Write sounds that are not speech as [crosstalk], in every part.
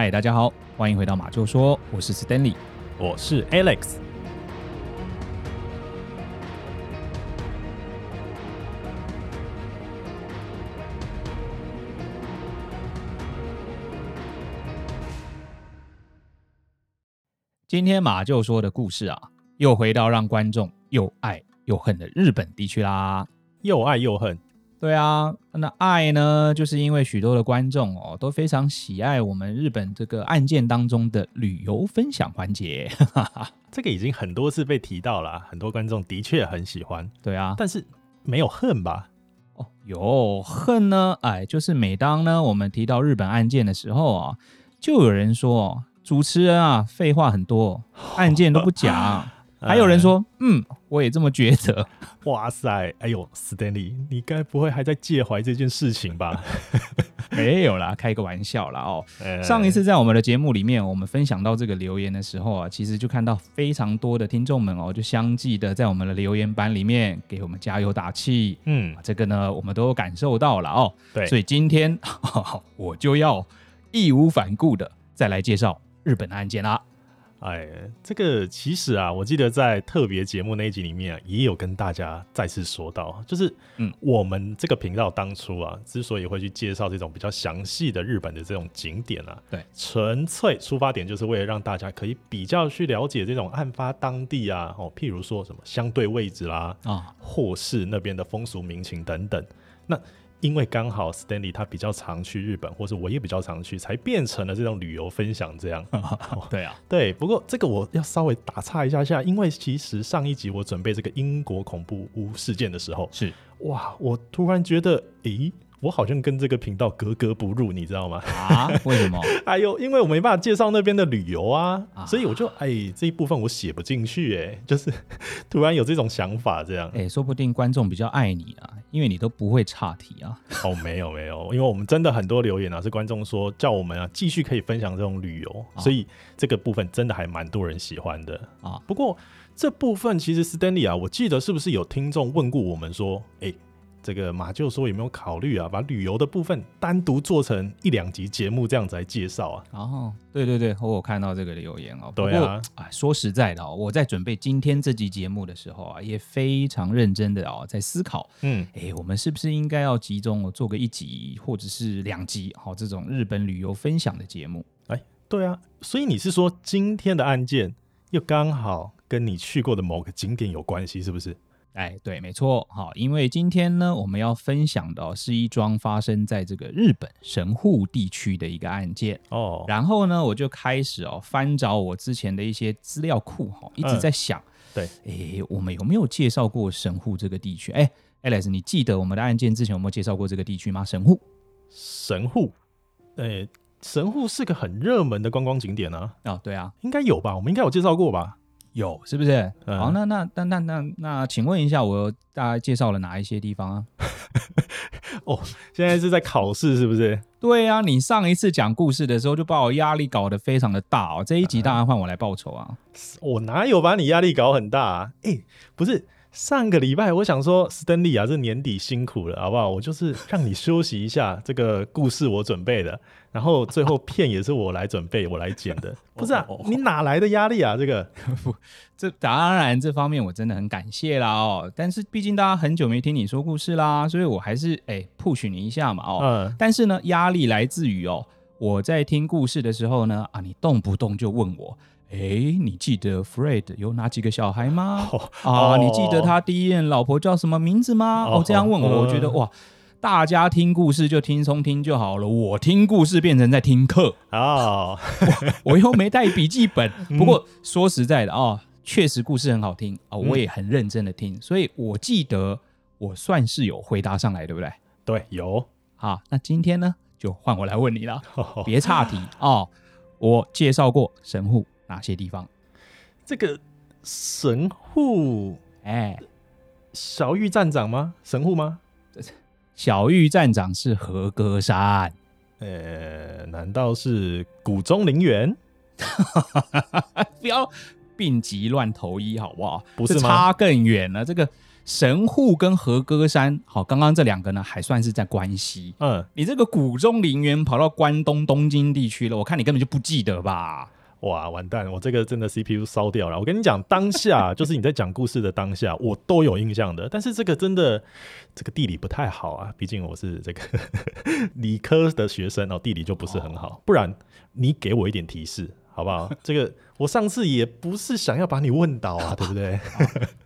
嗨，大家好，歡迎回到馬廄說，我是 Stanley，我是 Alex。今天馬廄說的故事啊，又回到讓觀眾又愛又恨的日本地區啦，又愛又恨。對啊，那愛呢？就是因為許多的觀眾哦都非常喜愛我們日本這個案件當中的旅遊分享環節，呵呵，這個已經很多次被提到了，很多觀眾的確很喜歡。對啊，但是沒有恨吧？哦，有恨呢。哎，就是每當呢我們提到日本案件的時候啊，就有人說哦，主持人啊廢話很多，案件都不講。哦呃還有人說，嗯，嗯，我也這麼覺得。哇塞，哎呦，Stanley，你該不會還在介懷這件事情吧？ [laughs] 沒有啦，開個玩笑啦哦、喔。嗯、上一次在我們的節目裡面，我們分享到這個留言的時候啊，其實就看到非常多的聽眾們哦、喔，就相繼的在我們的留言板裡面給我們加油打氣。嗯，這個呢，我們都感受到了哦、喔。對，所以今天我就要義無反顧的再來介紹日本的案件啦。哎，這個其實啊，我記得在特別節目那一集裡面、啊、也有跟大家再次說到，就是我們這個頻道當初啊，嗯、之所以會去介紹這種比較詳細的日本的這種景點啊，對，純粹出發點就是為了讓大家可以比較去了解這種案發當地啊，哦，譬如說什麼相對位置啦啊，哦、或是那邊的風俗民情等等，那。因為剛好 Stanley 他比較常去日本，或者我也比較常去，才變成了這種旅游分享這樣。哦、對啊，對。不過這個我要稍微打岔一下下，因為其實上一集我準備這個英國恐怖屋事件的時候，是哇，我突然覺得，誒。我好像跟這個頻道格格不入，你知道嗎？啊？為什麼？哎 [laughs] 呦，因為我沒辦法介紹那邊的旅遊啊，啊所以我就哎這一部分我寫不進去哎、欸，就是突然有這種想法這樣。哎、欸，說不定觀眾比較愛你啊，因為你都不會岔題啊。哦，沒有沒有，因為我們真的很多留言啊，是觀眾說叫我們啊繼續可以分享這種旅遊，啊、所以這個部分真的還蠻多人喜歡的啊。不過這部分其實 Stanley 啊，我記得是不是有聽眾問過我們說，哎、欸？這個馬廄說有沒有考慮啊，把旅遊的部分單獨做成一兩集節目這樣子來介紹啊？哦、啊，對對對，我有看到這個留言哦。對啊，說實在的，哦，我在準備今天這集節目的時候啊，也非常認真的哦，在思考，嗯，哎，我們是不是應該要集中做個一集或者是兩集好，哦、這種日本旅遊分享的節目？哎，對啊，所以你是說今天的案件又剛好跟你去過的某個景點有關係，是不是？哎，對，沒錯，好，因為今天呢，我們要分享的是一樁發生在這個日本神戶地區的一個案件哦。然後呢，我就開始哦翻找我之前的一些資料庫哈，一直在想，嗯、對，哎，我們有沒有介紹過神戶這個地區？哎，Alice，你記得我們的案件之前有沒有介紹過這個地區嗎？神戶，神戶、哎，神戶是個很熱門的觀光景點呢、啊。啊、哦，對啊，應該有吧，我們應該有介紹過吧。有是不是？好、嗯哦，那那那那那那，請問一下，我大概介紹了哪一些地方啊？ [laughs] 哦，現在是在考試是不是？ [laughs] 對啊，你上一次講故事的時候就把我壓力搞得非常的大哦，這一集當然換我來報仇啊、嗯！我哪有把你壓力搞很大、啊？誒、欸，不是。上個禮拜，我想說，Stanley 啊，這年底辛苦了，好不好？我就是讓你休息一下，這個故事我準備的， [laughs] 然後最後片也是我來準備， [laughs] 我來剪的， [laughs] 不是啊？ [laughs] 你哪來的壓力啊？這個 [laughs] 這當然，這方面我真的很感謝啦。哦。但是畢竟大家很久沒聽你說故事啦，所以我還是哎、欸、push [laughs] 你一下嘛哦。嗯、但是呢，壓力來自於哦，我在聽故事的時候呢，啊，你動不動就問我。誒，你記得 Fred 有哪幾個小孩嗎？啊，你記得他第一任老婆叫什麼名字嗎？哦，這樣問我，我覺得哇，大家聽故事就輕鬆聽就好了。我聽故事變成在聽課啊，我又沒帶筆記本。不過說實在的啊，確實故事很好聽啊，我也很認真的聽，所以我記得我算是有回答上來，對不對？對，有啊。那今天呢，就換我來問你了，別岔題啊。我介紹過神戶。.哪些地方？這個神戶哎，小玉站長嗎？神戶嗎？小玉站長是和歌山，呃、欸，難道是谷中陵園？ [laughs] 不要病急亂投醫，好不好？不是，是差更遠了。這個神戶跟和歌山，好，剛剛這兩個呢，還算是在關西。嗯，你這個谷中陵園跑到關東東京地區了，我看你根本就不記得吧？哇，完蛋！我這個真的 CPU 燒掉了。我跟你講，當下就是你在講故事的當下， [laughs] 我都有印象的。但是這個真的，這個地理不太好啊，畢竟我是這個 [laughs] 理科的學生，哦，地理就不是很好。不然你給我一點提示，好不好？這個我上次也不是想要把你問倒啊， [laughs] 對不對？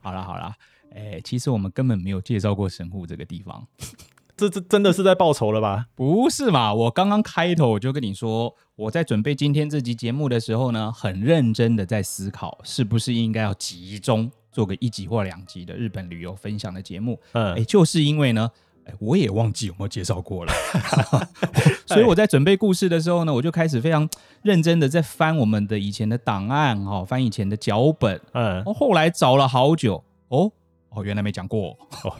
好了好了，哎、欸，其實我們根本沒有介紹過神戶這個地方。 [laughs] 這這真的是在報仇了吧？不是嘛？我剛剛開頭我就跟你說，我在準備今天這集節目的時候呢，很認真的在思考，是不是應該要集中做個一集或兩集的日本旅遊分享的節目。嗯誒，就是因為呢誒，我也忘記有沒有介紹過了， [laughs] [laughs] 所以我在準備故事的時候呢，哎、我就開始非常認真的在翻我們的以前的檔案，哦，翻以前的腳本。嗯，後來找了好久，哦哦，原來沒講過。哦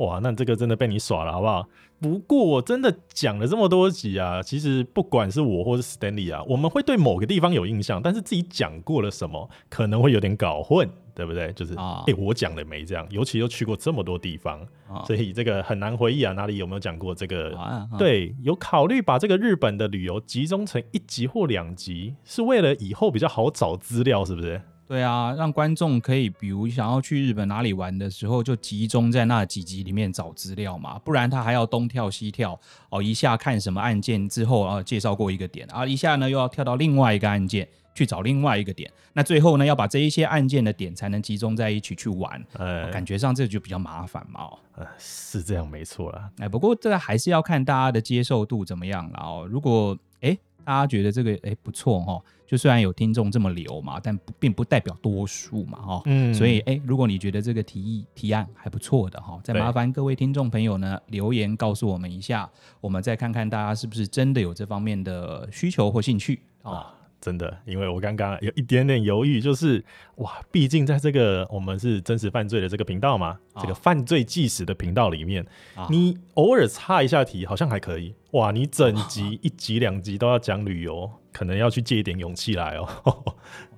哇，那這個真的被你耍了，好不好？不過我真的講了這麼多集啊，其實不管是我或是 Stanley 啊，我們會對某個地方有印象，但是自己講過了什麼可能會有點搞混，對不對？就是哎、哦欸，我講的沒這樣，尤其又去過這麼多地方，哦、所以這個很難回憶啊，哪裡有沒有講過這個？啊嗯、對，有考慮把這個日本的旅遊集中成一集或兩集，是為了以後比較好找資料，是不是？對啊，讓觀眾可以，比如想要去日本哪裡玩的時候，就集中在那幾集裡面找資料嘛，不然他還要東跳西跳。哦，一下看什麼案件之後啊、呃，介紹過一個點啊，一下呢又要跳到另外一個案件去找另外一個點，那最後呢要把這一些案件的點才能集中在一起去玩，呃、欸哦，感覺上這就比較麻煩嘛、哦。呃，是這樣沒錯啦，沒錯了。哎，不過這個還是要看大家的接受度怎麼樣了哦。如果哎、欸，大家覺得這個哎、欸、不錯哦。就雖然有聽眾這麼留嘛，但不並不代表多數嘛，哈。嗯，所以誒、欸，如果你覺得這個提議提案還不錯的哈，再麻煩各位聽眾朋友呢對留言告訴我們一下，我們再看看大家是不是真的有這方面的需求或興趣啊。真的，因為我剛剛有一點點猶豫，就是哇，畢竟在這個我們是真實犯罪的這個頻道嘛，啊、這個犯罪紀實的頻道裡面，啊、你偶爾插一下題好像還可以哇，你整集，啊、一集兩集都要講旅遊，可能要去借一點勇氣來哦，呵呵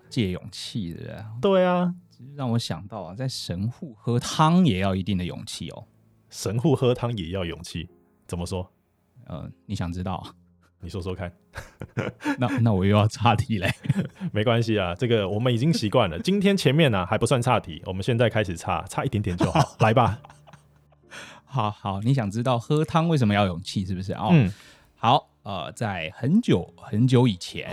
借勇氣的，對啊，其實讓我想到啊，在神戶喝湯也要一定的勇氣哦，神戶喝湯也要勇氣，怎麼說？嗯、呃，你想知道？你說說看 [laughs] 那，那那我又要岔題嘞， [laughs] 沒關係啊，這個我們已經習慣了。 [laughs] 今天前面呢、啊、還不算岔題，我們現在開始岔，岔一點點就好，好來吧。好好，你想知道喝湯為什麼要勇氣，是不是哦，嗯、好，呃，在很久很久以前、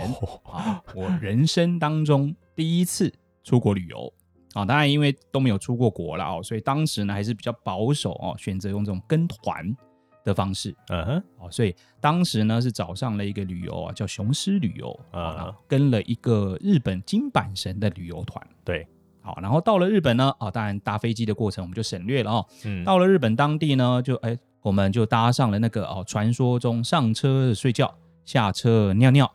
哦、我人生當中第一次出國旅遊啊、哦，當然因為都沒有出過國了啊、哦，所以當時呢還是比較保守哦，選擇用這種跟團。的方式，uh huh. 所以當時呢是找上了一個旅遊啊，叫雄獅旅遊啊，uh huh. 跟了一個日本京阪神的旅遊團。對，好，然後到了日本呢，啊、哦，當然搭飛機的過程我們就省略了。哦嗯、到了日本當地呢，就哎、欸，我們就搭上了那個哦，傳說中上車睡覺，下車尿尿，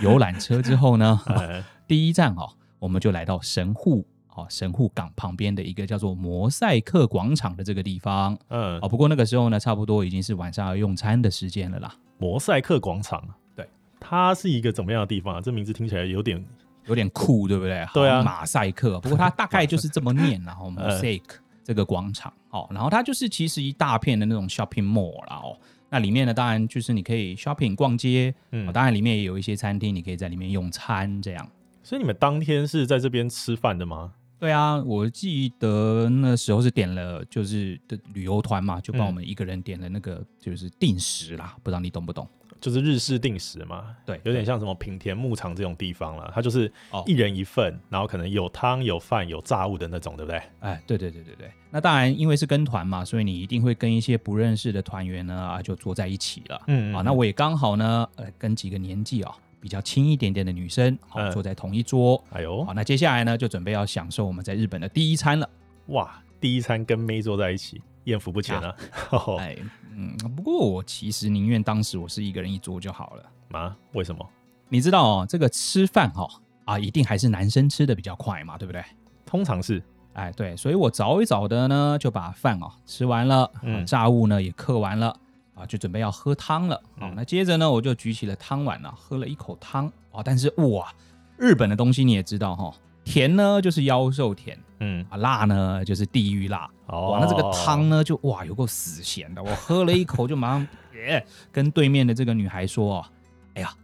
遊覽 [laughs] 車之後呢，uh huh. 第一站哦，我們就來到神戶。哦，神戶港旁邊的一個叫做摩賽克廣場的這個地方，嗯，哦，不過那個時候呢，差不多已經是晚上要用餐的時間了啦。摩賽克廣場，對，它是一個怎麼樣的地方啊？這名字聽起來有點有點酷，對，對不對？對啊，馬賽克，不過它大概就是這麼念啦。我們摩賽克、 [laughs] 哦、摩賽克這個廣場，哦，然後它就是其實一大片的那種 shopping mall 啦，哦，那裡面呢，當然就是你可以 shopping 逛街，嗯、哦，當然裡面也有一些餐廳，你可以在裡面用餐這樣。所以你們當天是在這邊吃飯的嗎？對啊，我記得那時候是點了，就是的旅遊團嘛，就幫我們一個人點了那個就是定食啦，嗯、不知道你懂不懂，就是日式定食嘛，嗯、對，有點像什麼品田牧場這種地方了，它就是一人一份，哦、然後可能有湯有飯有炸物，的那種，對不對？哎，對對對對對。那當然，因為是跟團嘛，所以你一定會跟一些不認識的團員呢啊，就坐在一起了。嗯，嗯，啊，那我也剛好呢，跟幾個年紀啊、哦。比較輕一點點的女生，好、嗯、坐在同一桌。哎呦，好，那接下來呢，就準備要享受我們在日本的第一餐了。哇，第一餐跟妹坐在一起，豔福不淺啊！啊呵呵哎，嗯，不過我其實寧願當時我是一個人一桌就好了。啊？為什麼？你知道哦，這個吃飯哦，啊，一定還是男生吃的比較快嘛，對不對？通常是，哎，對，所以我早一早的呢就把飯哦吃完了，嗯，炸物呢也嗑完了。啊，就準備要喝湯了啊。那接着呢，我就舉起了湯碗呢，喝了一口湯啊。但是哇，日本的東西你也知道哈，甜呢就是夭壽甜，嗯啊，辣呢就是地獄辣、哦。那這個湯呢就哇有夠死鹹的，我喝了一口就馬上耶 [laughs] 跟對面的這個女孩說啊，哎呀，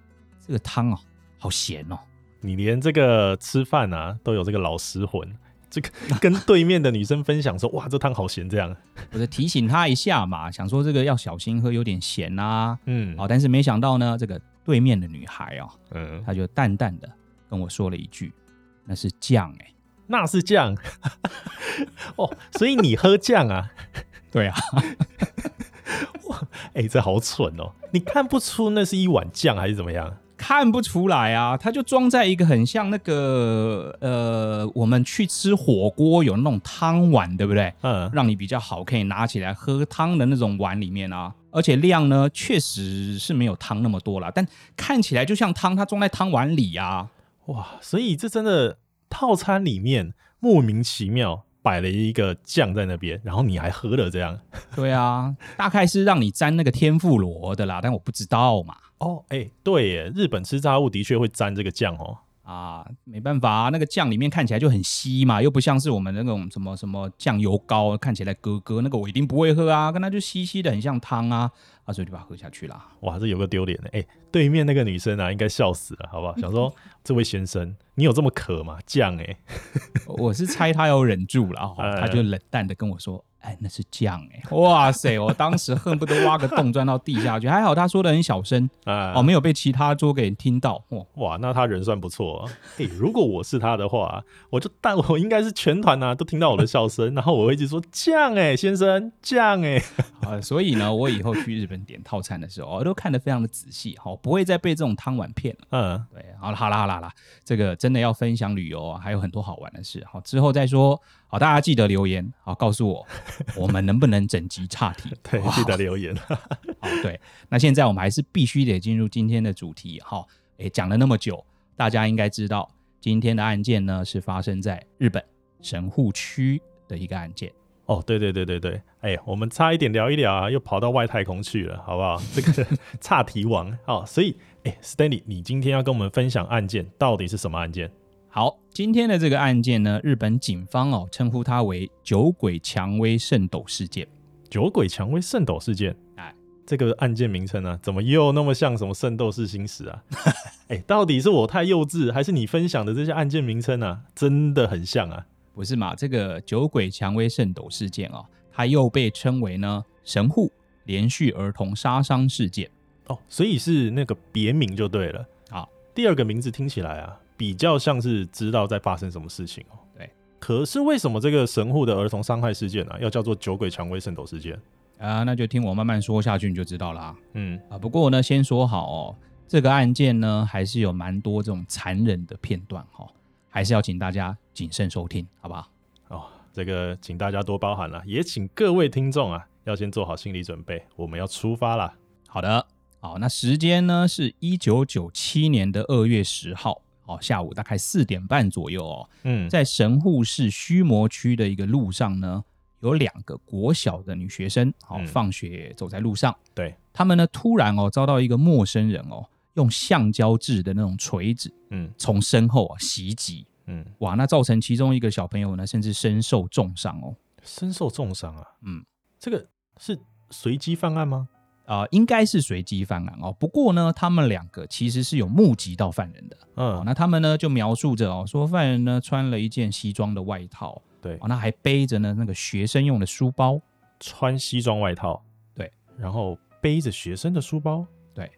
這個湯啊、哦，好鹹哦。你連這個吃飯啊都有這個老食魂。這個跟對面的女生分享說：“哇，這湯好鹹，這樣。”我就提醒她一下嘛，想說這個要小心喝，有點鹹啊。嗯，啊、哦，但是沒想到呢，這個對面的女孩哦，嗯，她就淡淡的跟我說了一句：“那是醬、欸，哎，那是醬。 [laughs] ”哦，所以你喝醬啊？ [laughs] 對啊。 [laughs] 哇，哎、欸，這好蠢哦！你看不出那是一碗醬還是怎麼樣？看不出來啊，它就裝在一個很像那個呃，我們去吃火鍋有那種湯碗，對不對？嗯，讓你比較好可以拿起來喝湯的那種碗裡面啊，而且量呢確實是沒有湯那麼多啦，但看起來就像湯，它裝在湯碗裡啊。哇，所以這真的套餐裡面莫名其妙擺了一個醬在那邊，然後你還喝了這樣。對啊，大概是讓你沾那個天婦羅的啦，但我不知道嘛。哦，哎、欸，對耶，日本吃炸物的確會沾這個醬哦。啊，沒辦法、啊，那個醬裡面看起來就很稀嘛，又不像是我們那種什麼什麼醬油膏，看起來咯咯。那個我一定不會喝啊，跟它就稀稀的，很像湯啊，啊，所以就把它喝下去啦。哇，還是有個丟臉的，哎、欸，對面那個女生啊，應該笑死了，好不好？想說 [laughs] 這位先生，你有這麼渴嗎？醬哎、欸， [laughs] 我是猜他要忍住了， [laughs] 他就冷淡的跟我說。哎，那是醬哎、欸！哇塞，我當時恨不得挖個洞鑽到地下去。 [laughs] 還好他說得很小聲，嗯、哦，沒有被其他桌給聽到。哦、哇，那他人算不錯。哎、欸，如果我是他的話，我就但我應該是全團吶、啊、都聽到我的笑聲， [laughs] 然後我會一直說醬哎，欸、先生醬哎、欸。所以呢，我以後去日本點套餐的時候，我、哦、都看得非常的仔細哦，不會再被這種湯碗騙了。嗯，對，好了好了好了了，這個真的要分享旅遊啊，還有很多好玩的事，好、哦，之後再說。好，大家記得留言，好，告訴我，我們能不能整集岔題？ [laughs] 對，哇對，記得留言。 [laughs] 好，對，那現在我們還是必須得進入今天的主題。好，哎、欸，講了那麼久，大家應該知道今天的案件呢是發生在日本神戶區的一個案件。哦，對對對對對，哎、欸，我們差一點聊一聊啊，又跑到外太空去了，好不好？這個岔題王好、 [laughs] 哦，所以、欸、，Stanley 你今天要跟我們分享案件，到底是什麼案件？好，今天的這個案件呢，日本警方哦稱呼它為“酒鬼薔薇聖鬥事件”。酒鬼薔薇聖鬥事件，哎，這個案件名稱呢、啊，怎麼又那麼像什麼聖鬥士星矢啊？哎、 [laughs] 欸，到底是我太幼稚，還是你分享的這些案件名稱啊，真的很像啊？不是嘛？這個酒鬼薔薇聖鬥事件啊，它又被稱為呢神戶連續兒童殺傷事件哦，所以是那個別名就對了。好、啊，第二個名字聽起來啊。比較像是知道在發生什麼事情哦、喔。對，可是為什麼這個神戶的兒童傷害事件啊，要叫做“酒鬼薔薇聖斗事件”啊、呃？那就聽我慢慢說下去，你就知道啦、啊。嗯啊，不過呢，先說好哦、喔，這個案件呢，還是有蠻多這種殘忍的片段哦、喔，還是要請大家謹慎收聽，好不好？哦，這個請大家多包涵了、啊，也請各位聽眾啊，要先做好心理準備，我們要出發啦。好的，好，那時間呢是一九九七年的二月十號。哦，下午大概四點半左右哦，嗯，在神戶市須磨區的一個路上呢，有兩個國小的女學生，哦，嗯、放學走在路上，對，他們呢突然哦遭到一個陌生人哦用橡膠製的那種錘子，嗯，從身後啊、襲擊，嗯，哇，那造成其中一個小朋友呢甚至身受重傷哦，身受重傷啊，嗯，這個是隨機犯案嗎？啊、呃，應該是隨機犯案哦、喔。不過呢，他們兩個其實是有目擊到犯人的。嗯、喔，那他們呢就描述着哦、喔，說犯人呢穿了一件西裝的外套，對、喔，那還背着呢那個學生用的書包，穿西裝外套，對，然後背着學生的書包，對。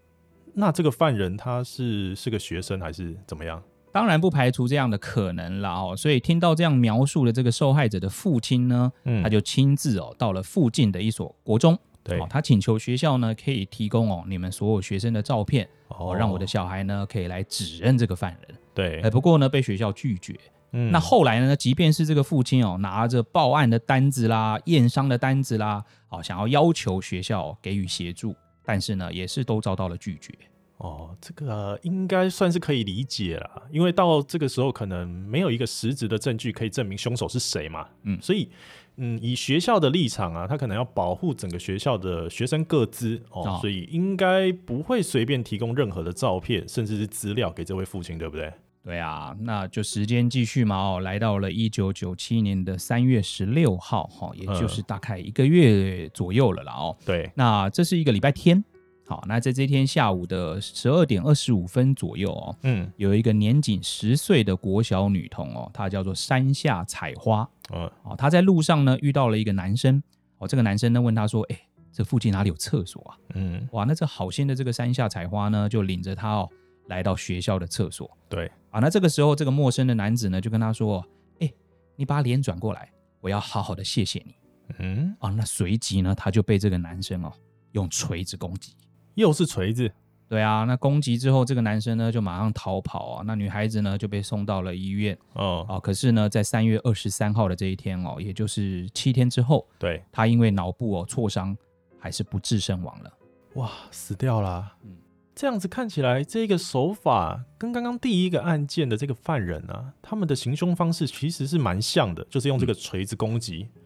那這個犯人他是是個學生還是怎麼樣？當然不排除這樣的可能了哦、喔。所以聽到這樣描述的這個受害者的父親呢，嗯、他就親自哦、喔、到了附近的一所國中。對、哦，他請求學校呢，可以提供哦你們所有學生的照片，哦，哦讓我的小孩呢可以來指認這個犯人。對、哎，不過呢被學校拒絕。嗯，那後來呢，即便是這個父親哦拿着報案的單子啦、驗傷的單子啦，哦想要要求學校給予協助，但是呢也是都遭到了拒絕。哦，這個應該算是可以理解了，因為到這個時候可能沒有一個實質的證據可以證明凶手是誰嘛。嗯，所以。嗯，以學校的立場啊，他可能要保護整個學校的學生個資哦，哦所以應該不會隨便提供任何的照片甚至是資料給這位父親，對不對？對啊，那就時間繼續嘛哦，來到了一九九七年的三月十六號哈、哦，也就是大概一個月左右了啦、嗯、哦，對，那這是一個禮拜天。好，那在這天下午的十二點二十五分左右哦，嗯，有一個年僅十歲的國小女童哦，她叫做山下彩花，哦，她在路上呢遇到了一個男生，哦，這個男生呢問她說，哎，這附近哪裡有廁所啊？嗯，哇，那這好心的這個山下彩花呢就領着她哦來到學校的廁所，對，啊，那這個時候這個陌生的男子呢就跟她說，哎，你把臉轉過來，我要好好的謝謝你，嗯，啊，那隨即呢她就被這個男生哦用錘子攻擊。又是錘子，對啊，那攻擊之後，這個男生呢就馬上逃跑啊，那女孩子呢就被送到了醫院。哦，啊，可是呢，在三月二十三號的這一天哦，也就是七天之後，對他因為腦部哦挫傷，還是不治身亡了。哇，死掉啦。這樣子看起來，這個手法跟剛剛第一個案件的這個犯人啊，他們的行凶方式其實是蠻像的，就是用這個錘子攻擊。嗯。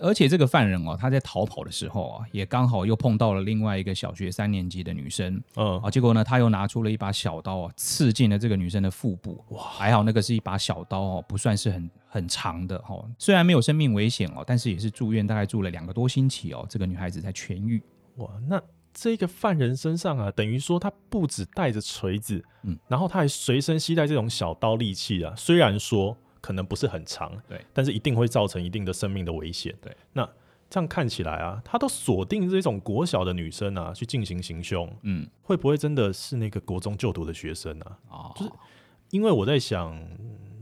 而且這個犯人哦，他在逃跑的時候啊、哦，也剛好又碰到了另外一個小學三年級的女生，嗯啊，結果呢，他又拿出了一把小刀啊、哦，刺進了這個女生的腹部。哇，還好那個是一把小刀哦，不算是很很長的哈、哦，雖然沒有生命危險哦，但是也是住院，大概住了兩個多星期哦，這個女孩子才痊癒。哇，那這個犯人身上啊，等於說他不止帶着錘子，嗯，然後他還隨身攜帶這種小刀利器啊，雖然說。可能不是很長，對，但是一定會造成一定的生命的危險，對。那這樣看起來啊，他都鎖定這種國小的女生啊，去進行行兇，嗯，會不會真的是那個國中就讀的學生呢？啊，哦，就是因為我在想。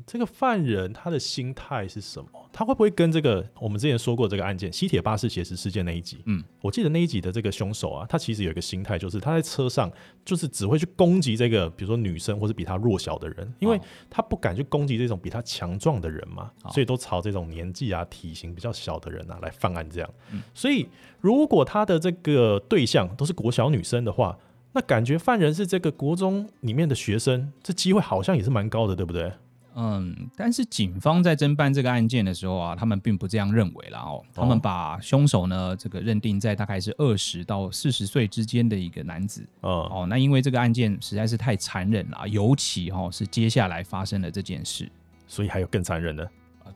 這個犯人他的心態是什麼？他會不會跟這個我們之前說過這個案件西鐵巴士挾持事件那一集？嗯，我記得那一集的這個兇手啊，他其實有一個心態，就是他在車上就是只會去攻擊這個比如說女生或是比他弱小的人，因為他不敢去攻擊這種比他強壯的人嘛，哦、所以都朝這種年紀啊、體型比較小的人啊來犯案這樣。嗯、所以如果他的這個對象都是國小女生的話，那感覺犯人是這個國中裡面的學生，這機會好像也是蠻高的，對不對？嗯，但是警方在偵辦這個案件的時候啊，他們並不這樣認為了哦，他們把兇手呢、哦、這個認定在大概是二十到四十歲之間的一個男子。哦，哦，那因為這個案件實在是太殘忍了、啊，尤其哈、哦、是接下來發生了這件事，所以還有更殘忍的。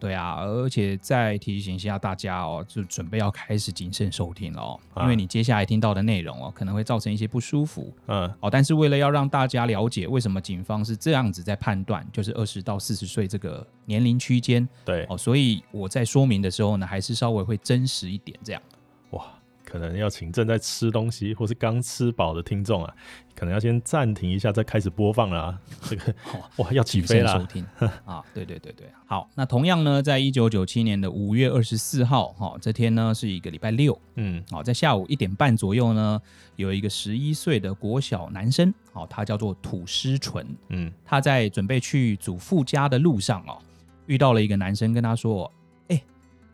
對啊，而且再提醒一下大家哦，就準備要開始謹慎收聽了哦，因為你接下來聽到的內容哦，可能會造成一些不舒服。嗯、啊，哦，但是為了要讓大家了解為什麼警方是這樣子在判斷，就是二十到四十歲這個年齡區間，對，哦，所以我在說明的時候呢，還是稍微會真實一點這樣。可能要請正在吃東西或是剛吃飽的聽眾啊，可能要先暫停一下再開始播放了。這個、哦、哇，要起飛了 [laughs] 啊！對對對對，好。那同樣呢，在一九九七年的五月二十四號，哈、哦，這天呢是一個禮拜六，嗯，好、哦，在下午一點半左右呢，有一個十一歲的國小男生，哦，他叫做土師淳，嗯，他在準備去祖父家的路上哦，遇到了一個男生，跟他說：“哎、欸，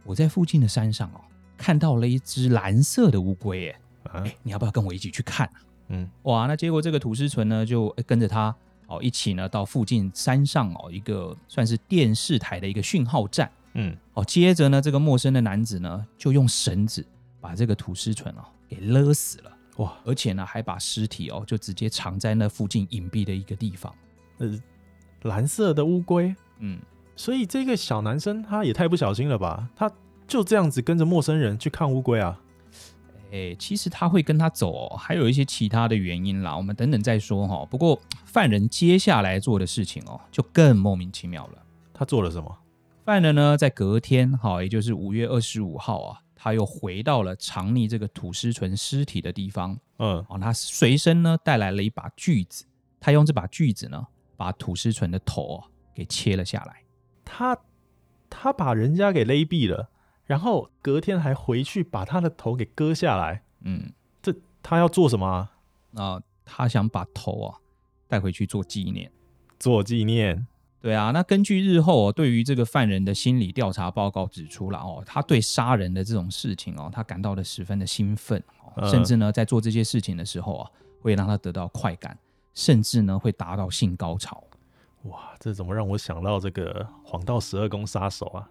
我在附近的山上哦。”看到了一隻藍色的烏龜，哎、啊欸，你要不要跟我一起去看、啊？嗯，哇，那結果這個土師淳呢就跟着他哦一起呢到附近山上哦一個算是電視台的一個訊號站，嗯，哦，接着呢這個陌生的男子呢就用繩子把這個土師淳哦給勒死了，哇，而且呢還把屍體哦就直接藏在那附近隱蔽的一個地方，呃，藍色的烏龜，嗯，所以這個小男生他也太不小心了吧，他。就這樣子跟着陌生人去看烏龜啊？哎、欸，其實他會跟他走、哦，還有一些其他的原因啦。我們等等再說哈、哦。不過犯人接下來做的事情哦，就更莫名其妙了。他做了什麼？犯人呢，在隔天，哈、哦，也就是五月二十五號啊，他又回到了藏匿這個土師淳屍體的地方。嗯，啊、哦，他隨身呢帶來了一把鋸子，他用這把鋸子呢，把土師淳的頭啊、哦、給切了下來。他，他把人家給勒斃了。然後隔天還回去把他的頭給割下來，嗯，這他要做什麼啊？呃、他想把頭啊帶回去做紀念，做紀念。對啊，那根據日後、哦、對於這個犯人的心理調查報告指出了哦，他對殺人的這種事情哦，他感到的十分的興奮、哦，嗯、甚至呢在做這些事情的時候啊，會讓他得到快感，甚至呢會達到性高潮。哇，這怎麼讓我想到這個黃道十二宮殺手啊？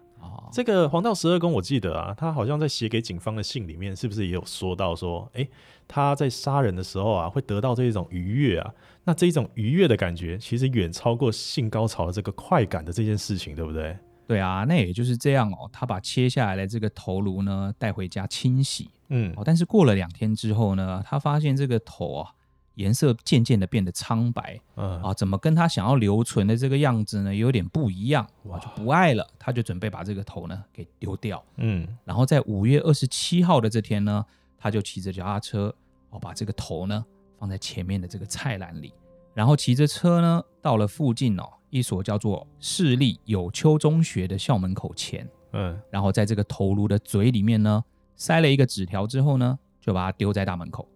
這個黃道十二宮，我記得啊，他好像在寫給警方的信裡面，是不是也有說到說，哎，他在殺人的時候啊，會得到這一種愉悅啊，那這一種愉悅的感覺，其實遠超過性高潮的這個快感的這件事情，對不對？對啊，那也就是這樣哦，他把切下來的這個頭顱呢，帶回家清洗，嗯、哦，但是過了兩天之後呢，他發現這個頭啊。顏色漸漸的變得蒼白，嗯啊，怎麼跟他想要留存的這個樣子呢，有點不一樣，哇，就不愛了，他就準備把這個頭呢給丟掉，嗯，然後在五月二十七號的這天呢，他就騎着腳踏車，哦，把這個頭呢放在前面的這個菜籃裡，然後騎着車呢到了附近哦一所叫做市立友丘中學的校門口前，嗯，然後在這個頭顱的嘴裡面呢塞了一個紙條之後呢，就把它丟在大門口，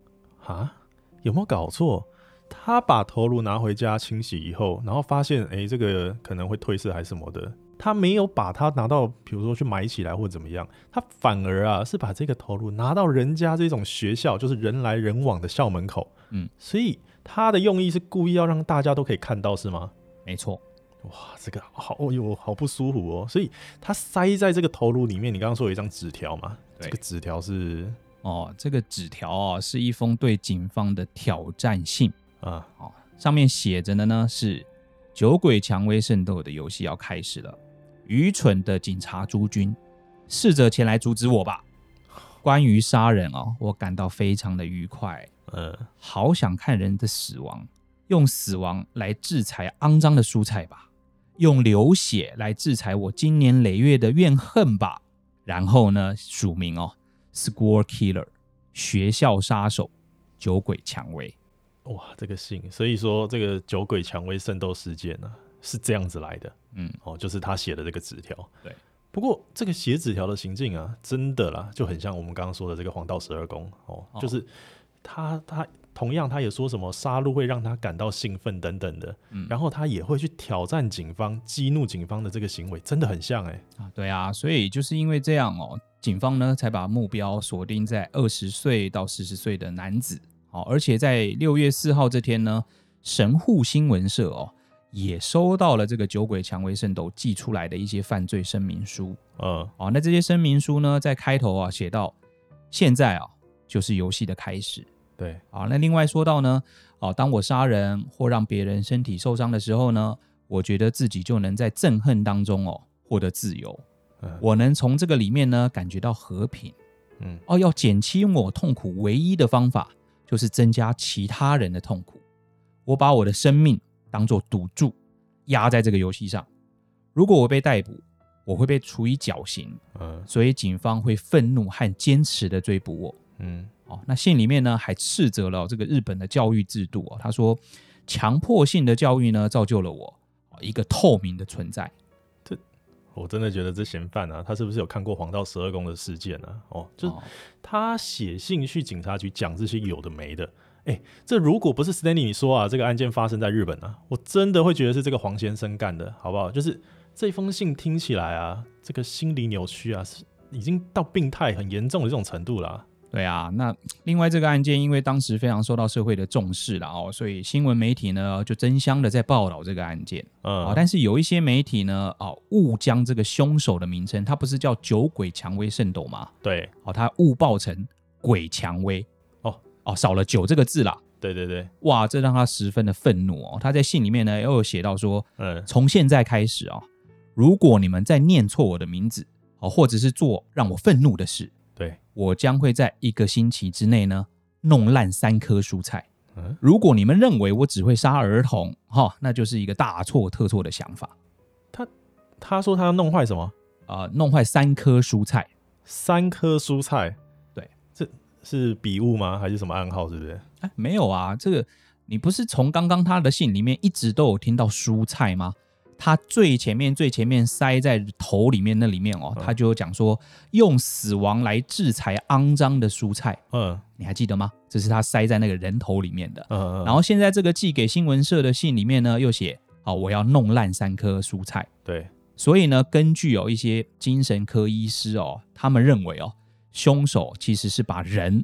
啊。有沒有搞錯？他把頭顱拿回家清洗以後，然後發現哎，這個可能會褪色還是什麼的。他沒有把它拿到，比如說去埋起來或者怎麼樣，他反而啊是把這個頭顱拿到人家這種學校，就是人來人往的校門口。嗯，所以他的用意是故意要讓大家都可以看到，是嗎？沒錯。哇，這個好，哎喲，好不舒服哦。所以他塞在這個頭顱裡面，你剛剛說有一張紙條嘛？對，這個紙條是。哦，這個紙條啊，是一封對警方的挑戰信啊。哦，上面寫着的呢是“酒鬼薔薇聖斗的遊戲要開始了，愚蠢的警察諸君，試着前來阻止我吧。”關於殺人哦，我感到非常的愉快。呃，好想看人的死亡，用死亡來制裁骯髒的蔬菜吧，用流血來制裁我經年累月的怨恨吧。然後呢，署名哦。School Killer，學校殺手，酒鬼薔薇，哇，這個信，所以說這個酒鬼薔薇聖斗事件呢、啊，是這樣子來的，嗯，哦，就是他寫的這個紙條，對，不過這個寫紙條的行徑啊，真的啦，就很像我們剛剛說的這個黃道十二宮，哦，哦就是他他。同樣，他也說什麼殺戮會讓他感到興奮等等的，嗯、然後他也會去挑戰警方、激怒警方的這個行為，真的很像哎、欸啊，對啊，所以就是因為這樣哦，警方呢才把目標鎖定在二十歲到四十歲的男子。好、哦，而且在六月四號這天呢，神戶新聞社哦也收到了這個酒鬼薔薇聖斗寄出來的一些犯罪聲明書。呃、嗯、哦，那這些聲明書呢，在開頭啊寫到，現在啊就是遊戲的開始。對啊，那另外說到呢，哦，當我殺人或讓別人身體受傷的時候呢，我覺得自己就能在憎恨當中哦獲得自由，我能從這個裡面呢感覺到和平。嗯，哦，要減輕我痛苦唯一的方法就是增加其他人的痛苦。我把我的生命當作賭注，壓在這個遊戲上。如果我被逮捕，我會被處以絞刑。嗯，所以警方會憤怒和堅持的追捕我。嗯。哦，那信裡面呢還斥責了、哦、這個日本的教育制度哦，他說，強迫性的教育呢，造就了我一個透明的存在。這我真的覺得這嫌犯啊，他是不是有看過黃道十二宮的事件呢？啊哦，就是他寫信去警察局講這些有的沒的。哎、欸，這如果不是 Stanley 你說啊，這個案件發生在日本啊，我真的會覺得是這個黃先生幹的，好不好？就是這封信聽起來啊，這個心理扭曲啊，是已經到病態很嚴重的這種程度了，啊。對啊，那另外這個案件，因為當時非常受到社會的重視了哦，所以新聞媒體呢就爭相的在報道這個案件。嗯，但是有一些媒體呢，啊、哦，誤將這個兇手的名稱，他不是叫酒鬼薔薇聖斗嗎？對，好、哦，他誤報成鬼薔薇。哦哦，少了酒這個字啦。對對對，哇，這讓他十分的憤怒哦。他在信裡面呢，又有寫到說，嗯，從現在開始啊、哦，如果你們再念錯我的名字，哦，或者是做讓我憤怒的事。我將會在一個星期之內呢，弄爛三顆蔬菜。嗯、如果你們認為我只會殺兒童，哈、哦，那就是一個大錯特錯的想法。他他說他要弄壞什麼？啊、呃，弄壞三顆蔬菜，三顆蔬菜。對，這是筆誤嗎？還是什麼暗號？是不是？哎，沒有啊。這個你不是從剛剛他的信裡面一直都有聽到蔬菜嗎？他最前面最前面塞在頭裡面那裡面哦，他就講說用死亡來制裁骯髒的蔬菜。嗯，你還記得嗎？這是他塞在那個人頭裡面的。嗯嗯。嗯，然後現在這個寄給新聞社的信裡面呢，又寫：哦，我要弄爛三顆蔬菜。對。所以呢，根據有、哦、一些精神科醫師哦，他們認為哦，兇手其實是把人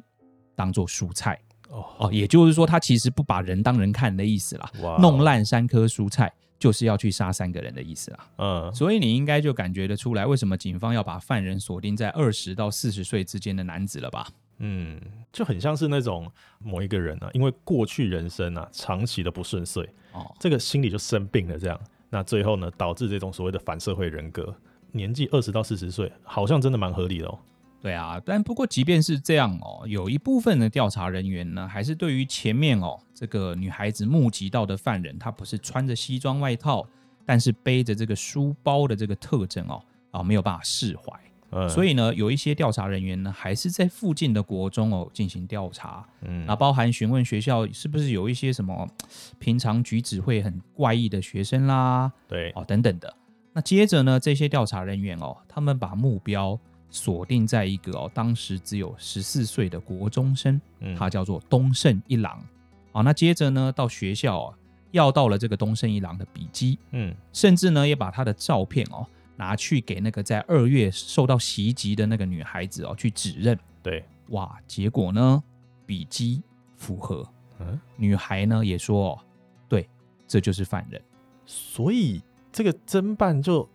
當做蔬菜哦哦，也就是說他其實不把人當人看的意思啦。哦、弄爛三顆蔬菜。就是要去殺三個人的意思啊。嗯，所以你應該就感覺得出來，為什麼警方要把犯人鎖定在二十到四十歲之間的男子了吧？嗯，就很像是那種某一個人啊，因為過去人生啊長期的不順遂，哦，這個心理就生病了這樣，那最後呢導致這種所謂的反社會人格，年紀二十到四十歲，好像真的蠻合理的哦。對啊，但不過即便是這樣哦，有一部分的調查人員呢，還是對於前面哦這個女孩子目擊到的犯人，他不是穿着西裝外套，但是背着這個書包的這個特徵哦啊、哦、沒有辦法釋懷，嗯、所以呢，有一些調查人員呢，還是在附近的國中哦進行調查，啊、嗯，那包含詢問學校是不是有一些什麼平常舉止會很怪異的學生啦，對哦等等的，那接着呢，這些調查人員哦，他們把目標。鎖定在一個哦，當時只有十四歲的國中生，他叫做東盛一郎。嗯、啊，那接着呢，到學校啊，要到了這個東盛一郎的筆跡，嗯，甚至呢也把他的照片哦拿去給那個在二月受到襲擊的那個女孩子哦去指認。對，哇，結果呢，筆跡符合，嗯、女孩呢也說、哦，對，這就是犯人，所以這個偵辦就。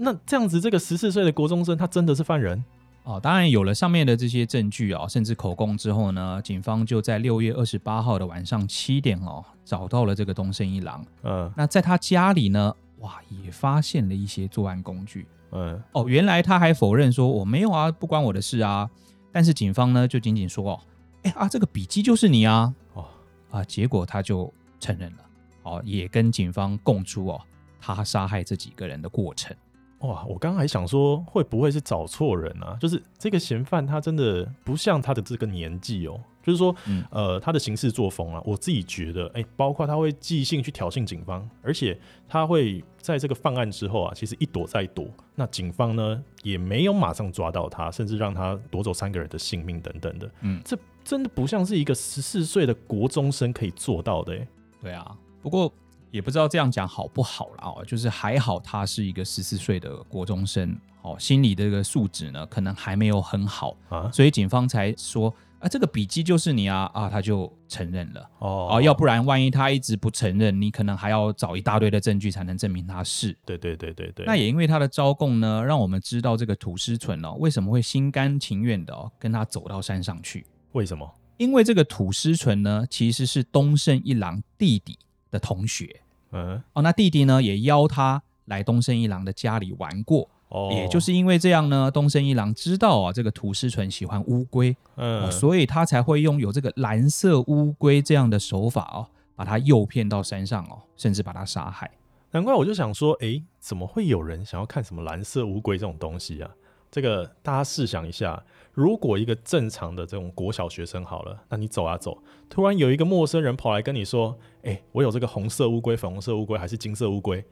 那這樣子，這個十四歲的國中生，他真的是犯人哦，當然，有了上面的這些證據哦，甚至口供之後呢，警方就在六月二十八號的晚上七點哦，找到了這個東升一郎。嗯，那在他家裡呢，哇，也發現了一些作案工具。嗯，哦，原來他還否認說我沒有啊，不關我的事啊。但是警方呢，就僅僅說哦，哎、欸、啊，這個筆記就是你啊。哦啊，結果他就承認了，哦，也跟警方供出哦，他殺害這幾個人的過程。哇，我剛才還想說會不會是找錯人啊？就是這個嫌犯，他真的不像他的這個年紀哦、喔。就是說，嗯、呃，他的行事作風啊，我自己覺得，哎、欸，包括他會寄信去挑釁警方，而且他會在這個犯案之後啊，其實一躲再躲。那警方呢，也沒有馬上抓到他，甚至讓他奪走三個人的性命等等的。嗯，這真的不像是一個十四歲的國中生可以做到的、欸。對啊，不過。也不知道這樣講好不好了啊，就是還好他是一個十四歲的國中生哦，心理的這個素質呢，可能還沒有很好啊，所以警方才說啊，這個筆記就是你啊，啊他就承認了哦啊，要不然萬一他一直不承認，你可能還要找一大堆的證據才能證明他是，對對對對對。那也因為他的招供呢，讓我們知道這個土師淳呢、哦，為什麼會心甘情願的、哦、跟他走到山上去？為什麼？因為這個土師淳呢其實是東慎一郎弟弟。的同學，嗯，哦，那弟弟呢也邀他來東升一郎的家裡玩過，哦，也就是因為這樣呢，東升一郎知道啊，這個土師淳喜歡烏龜，嗯、哦，所以他才會用有這個藍色烏龜這樣的手法哦，把他誘騙到山上哦，甚至把他殺害。難怪我就想說，哎、欸，怎麼會有人想要看什麼藍色烏龜這種東西啊？這個大家試想一下。如果一個正常的這種國小學生好了，那你走啊走，突然有一個陌生人跑來跟你說：“哎、欸，我有這個紅色烏龜、粉紅色烏龜還是金色烏龜，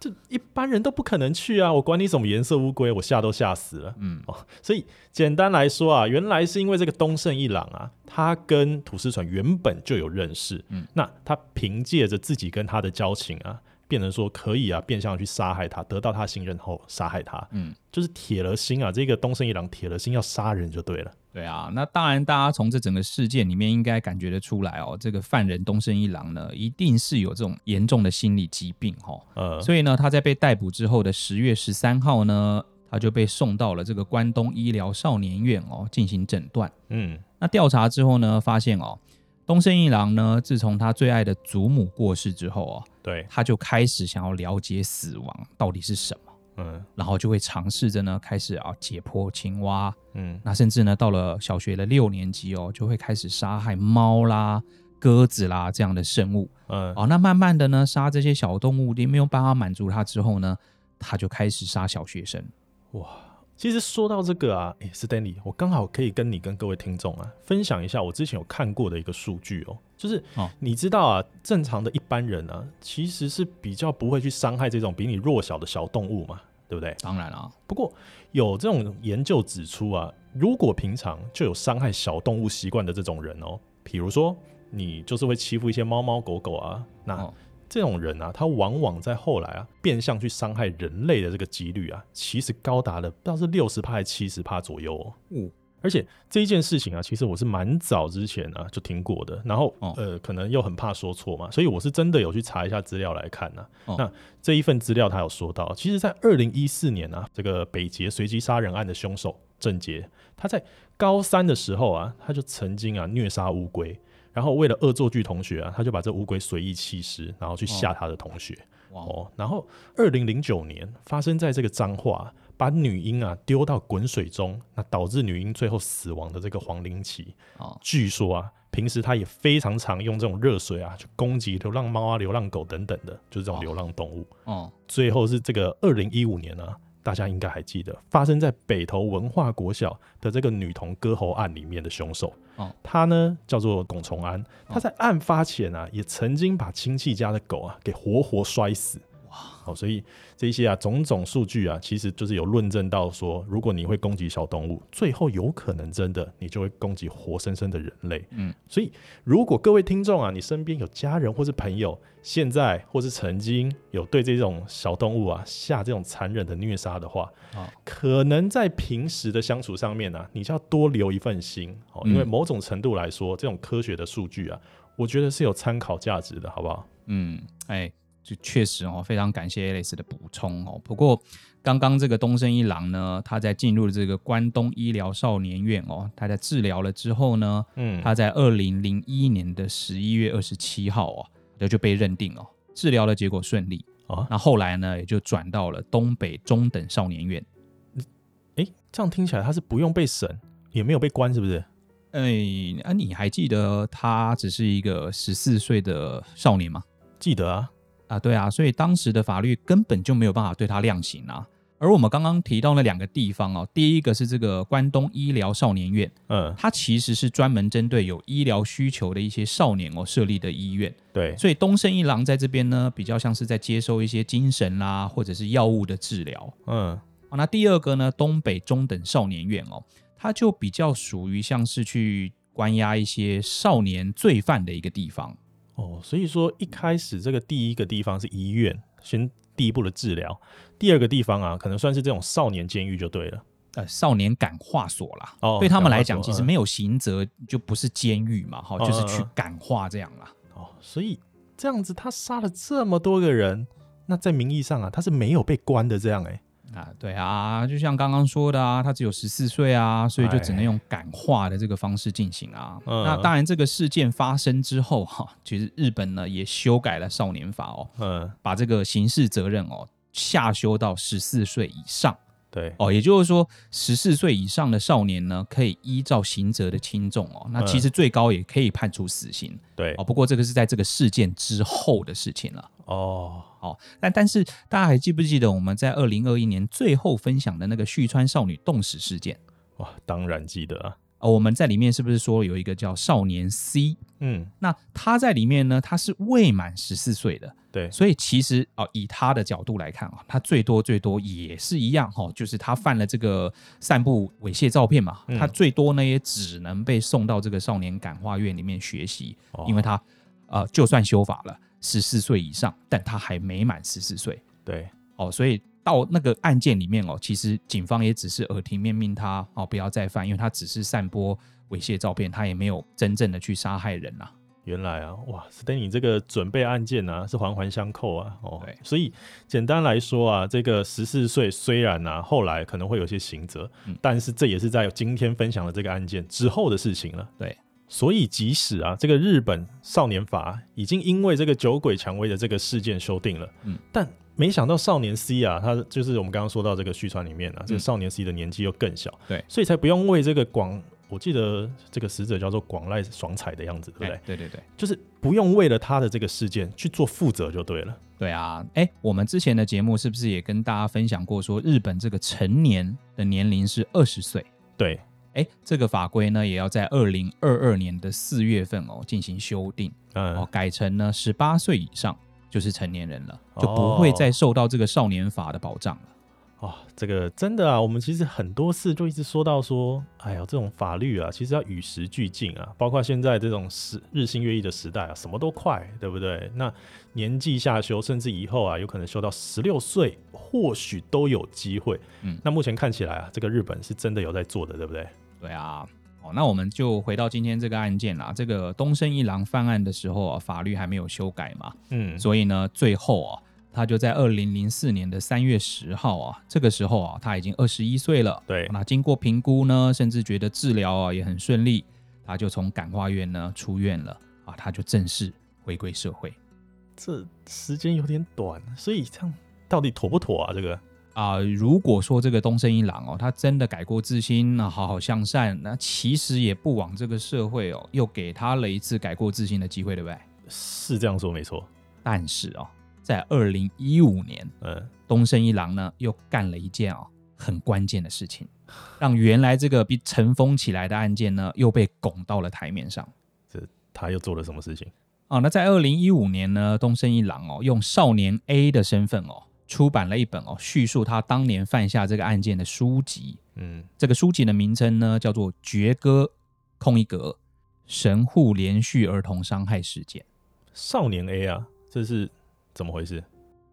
這一般人都不可能去啊！我管你什麼顏色烏龜，我嚇都嚇死了。嗯”嗯、哦，所以簡單來說啊，原來是因為這個東勝一郎啊，他跟土師淳原本就有認識，嗯，那他憑借着自己跟他的交情啊。變成說可以啊，變相去殺害他，得到他信任後殺害他，嗯，就是鐵了心啊。這個東慎一郎鐵了心要殺人就對了，對啊。那當然，大家從這整個事件裡面應該感覺得出來哦，這個犯人東慎一郎呢，一定是有這種嚴重的心理疾病哦，呃、嗯，所以呢，他在被逮捕之後的十月十三號呢，他就被送到了這個關東醫療少年院哦進行診斷。嗯，那調查之後呢，發現哦。東慎一郎呢，自從他最愛的祖母過世之後啊、哦，對，他就開始想要了解死亡到底是什麼，嗯，然後就會嘗試着呢，開始啊解剖青蛙，嗯，那甚至呢到了小學的六年級哦，就會開始殺害貓啦、鴿子啦這樣的生物，嗯，哦，那慢慢的呢殺這些小動物也沒有辦法滿足他之後呢，他就開始殺小學生，哇。其實說到這個啊，Stanley，我剛好可以跟你跟各位聽眾啊分享一下我之前有看過的一個數據哦，就是你知道啊，哦、正常的一般人啊，其實是比較不會去傷害這種比你弱小的小動物嘛，對不對？當然了、哦，不過有這種研究指出啊，如果平常就有傷害小動物習慣的這種人哦，比如說你就是會欺負一些貓貓狗狗啊，那，哦這種人啊，他往往在後來啊，變相去傷害人類的這個幾率啊，其實高達了，不知道是六十趴還是七十趴左右、喔、哦。嗯，而且這一件事情啊，其實我是蠻早之前啊就聽過的，然後、哦、呃，可能又很怕說錯嘛，所以我是真的有去查一下資料來看啊。哦、那這一份資料他有說到，其實在二零一四年啊，這個北捷隨機殺人案的凶手鄭捷，他在高三的時候啊，他就曾經啊虐殺烏龜。然後為了惡作劇同學啊，他就把這烏龜隨意棄屍，然後去嚇他的同學。哦、哦，然後二零零九年發生在這個彰化，把女嬰啊丟到滾水中，那導致女嬰最後死亡的這個黃陵奇。哦、據說啊，平時他也非常常用這種熱水啊去攻擊流浪貓啊、流浪狗等等的，就是這種流浪動物。哦哦、最後是這個二零一五年呢、啊。大家應該還記得，發生在北投文化國小的這個女童割喉案裡面的兇手，他呢叫做龔重安，他在案發前啊，也曾經把親戚家的狗啊給活活摔死。好、哦，所以這些啊種種數據啊，其實就是有論證到說，如果你會攻擊小動物，最後有可能真的你就會攻擊活生生的人類。嗯，所以如果各位聽眾啊，你身邊有家人或是朋友，現在或是曾經有對這種小動物啊下這種殘忍的虐殺的話，啊、哦，可能在平時的相處上面呢、啊，你就要多留一份心、哦、因為某種程度來說，嗯、這種科學的數據啊，我覺得是有參考價值的，好不好？嗯，哎、欸。就確實哦，非常感謝 Alice 的補充哦。不過剛剛這個東昇一郎呢，他在進入這個關東醫療少年院哦，他在治療了之後呢，嗯，他在二零零一年的十一月二十七號哦，就被認定哦，治療的結果順利哦。那後來呢，也就轉到了東北中等少年院。哎，這樣聽起來他是不用被審，也沒有被關，是不是？哎，哎、啊，你還記得他只是一個十四歲的少年嗎？記得啊。啊，對啊，所以當時的法律根本就沒有辦法對他量刑啊。而我們剛剛提到了兩個地方哦，第一個是這個關東醫療少年院，嗯，它其實是專門針對有醫療需求的一些少年哦設立的醫院。對，所以東升一郎在這邊呢，比較像是在接受一些精神啦或者是藥物的治療。嗯，好，啊，那第二個呢，東北中等少年院哦，它就比較屬於像是去關押一些少年罪犯的一個地方。哦，所以說一開始這個第一個地方是醫院，先第一步的治療；第二個地方啊，可能算是這種少年監獄就對了，呃，少年感化所啦。哦，對他們來講，其實沒有刑責就不是監獄嘛，哦哦，就是去感化這樣啦，啊。哦，所以這樣子他殺了這麼多個人，那在名義上啊，他是沒有被關的這樣，欸，哎。啊，對啊，就像剛剛說的啊，他只有十四歲啊，所以就只能用感化的這個方式進行啊。唉那當然，這個事件發生之後哈，其實日本呢也修改了少年法哦，嗯，把這個刑事責任哦下修到十四歲以上。對哦，也就是說，十四歲以上的少年呢，可以依照刑責的輕重哦，那其實最高也可以判處死刑。對哦，不過這個是在這個事件之後的事情了啊。哦，好，但但是大家還記不記得我們在二零二一年最後分享的那個旭川少女凍死事件？哇、哦，當然記得啊、呃！我們在裡面是不是說有一個叫少年 C？嗯，那他在裡面呢，他是未滿十四歲的，對，所以其實哦、呃，以他的角度來看啊，他最多最多也是一樣哈、哦，就是他犯了這個散布猥褻照片嘛，嗯、他最多呢也只能被送到這個少年感化院裡面學習，因為他、哦呃、就算修法了。十四歲以上，但他還沒滿十四歲。對，哦，所以到那個案件裡面哦，其實警方也只是耳提面命，命他哦，不要再犯，因為他只是散播猥褻照片，他也沒有真正的去殺害人啊。原來啊，哇 Stanley 這個準備案件呢，啊、是環環相扣啊。哦，對所以簡單來說啊，這個十四歲雖然呢，啊、後來可能會有些刑責，嗯、但是這也是在今天分享的這個案件之後的事情了。對。所以，即使啊，這個日本少年法已經因為這個酒鬼薔薇的這個事件修訂了，嗯，但沒想到少年 C 啊，他就是我們剛剛說到這個續傳裡面啊，這個、嗯、少年 C 的年紀又更小，嗯、對，所以才不用為這個廣，我記得這個死者叫做廣瀨爽彩的樣子，對不對？欸、對對對，就是不用為了他的這個事件去做負責就對了。對啊，哎、欸，我們之前的節目是不是也跟大家分享過，說日本這個成年的年齡是二十歲？對。誒，這個法規呢，也要在二零二二年的四月份哦進行修訂，嗯，改成呢十八歲以上就是成年人了，哦，就不會再受到這個少年法的保障了。哦，這個真的啊，我們其實很多次就一直說到說，哎呀，這種法律啊，其實要與時俱進啊，包括現在這種時日新月異的時代啊，什麼都快，對不對？那年紀下修，甚至以後啊，有可能修到十六歲，或許都有機會。嗯，那目前看起來啊，這個日本是真的有在做的，對不對？對啊，哦，那我們就回到今天這個案件啦、啊。這個東昇一郎犯案的時候啊，法律還沒有修改嘛，嗯，所以呢，最後啊，他就在二零零四年的三月十號啊，這個時候啊，他已經二十一歲了。對，那、啊、經過評估呢，甚至覺得治療啊也很順利，他就從感化院呢出院了啊，他就正式回歸社會。這時間有點短，所以這樣到底妥不妥啊？這個？啊、呃，如果說這個東升一郎哦，他真的改過自新，那好好向善，那其實也不枉這個社會哦，又給他了一次改過自新的機會，對不對？是這樣說沒錯。但是哦，在二零一五年，嗯，東升一郎呢又幹了一件哦很關鍵的事情，讓原來這個被塵封起來的案件呢又被拱到了台面上。這他又做了什麼事情啊？、哦？那在二零一五年呢，東升一郎哦，用少年 A 的身份哦。出版了一本哦，敘述他當年犯下這個案件的書籍。嗯，這個書籍的名稱呢，叫做《絕歌空一格神戶連續兒童傷害事件少年 A》啊，這是怎麼回事？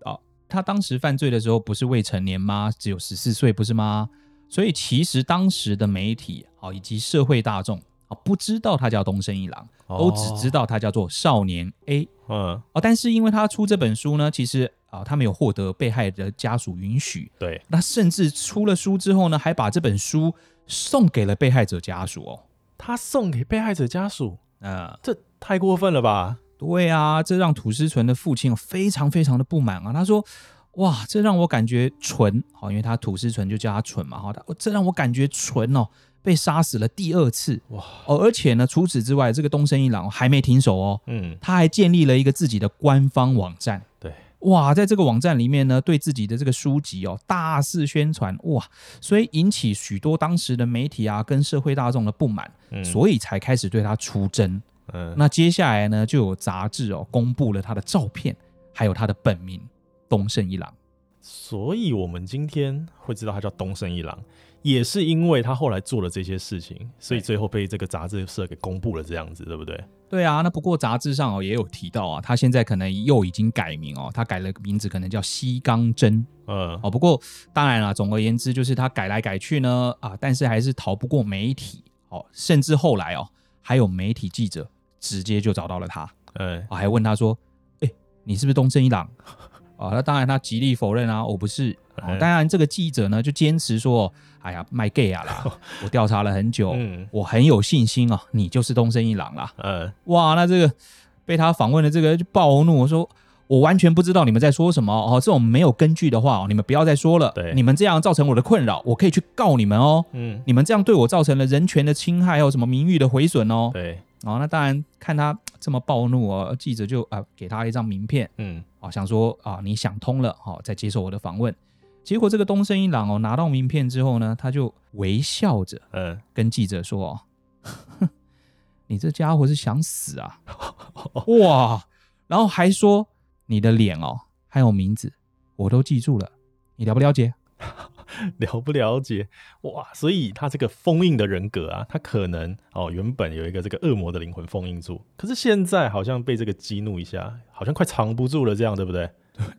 哦，他當時犯罪的時候不是未成年嗎？只有十四歲，不是嗎？所以其實當時的媒體啊、哦、以及社會大眾啊、哦，不知道他叫東升一郎，哦、都只知道他叫做少年 A。嗯，哦，但是因為他出這本書呢，其實。啊、哦，他沒有獲得被害者家屬允許，對，那甚至出了書之後呢，還把這本書送給了被害者家屬哦。他送給被害者家屬，啊、嗯，這太過分了吧？對啊，這讓土師淳的父親非常非常的不滿啊。他說：“哇，這讓我感覺淳，好、哦，因為他土師淳就叫他淳嘛，哈、哦，這讓我感覺淳哦，被殺死了第二次，哇、哦，而且呢，除此之外，這個東升一郎還沒停手哦，嗯，他還建立了一個自己的官方網站，對。”哇，在這個網站裡面呢，對自己的這個書籍哦大肆宣傳，哇，所以引起許多當時的媒體啊跟社會大眾的不滿，嗯、所以才開始對他出征。嗯、那接下來呢，就有雜誌哦公布了他的照片，還有他的本名東慎一郎，所以我們今天會知道他叫東慎一郎。也是因為他後來做了這些事情，所以最後被這個雜誌社給公布了這樣子，對，對不對？對啊，那不過雜誌上哦也有提到啊，他現在可能又已經改名哦，他改了名字，可能叫西岡真。嗯，哦，不過當然了、啊，總而言之就是他改來改去呢啊，但是還是逃不過媒體。哦，甚至後來哦還有媒體記者直接就找到了他，呃、嗯哦，還問他說：“哎、欸，你是不是東升一郎？” [laughs] 啊，那當然他極力否認啊，我不是。哦、當然，這個記者呢就堅持說：“哎呀，賣 gay 啊啦！呵呵我調查了很久，嗯、我很有信心哦、啊，你就是東升一郎啦。”嗯，哇，那這個被他訪問的這個就暴怒，說：“我完全不知道你們在說什麼哦，這種沒有根據的話，你們不要再說了。對你們這樣造成我的困擾，我可以去告你們哦。嗯，你們這樣對我造成了人權的侵害，還有什麼名譽的毀損哦？對。哦，那當然，看他這麼暴怒哦，記者就啊給他一張名片，嗯，啊、哦、想說啊你想通了，好、哦、再接受我的訪問。”結果這個東升一郎哦，拿到名片之後呢，他就微笑着，呃，跟記者說哦：“哼，你這家伙是想死啊？ [laughs] 哇！然後還說你的臉哦，還有名字，我都記住了。你了不了解？了不了解？哇！所以他這個封印的人格啊，他可能哦，原本有一個這個惡魔的靈魂封印住，可是現在好像被這個激怒一下，好像快藏不住了，這樣對不對？”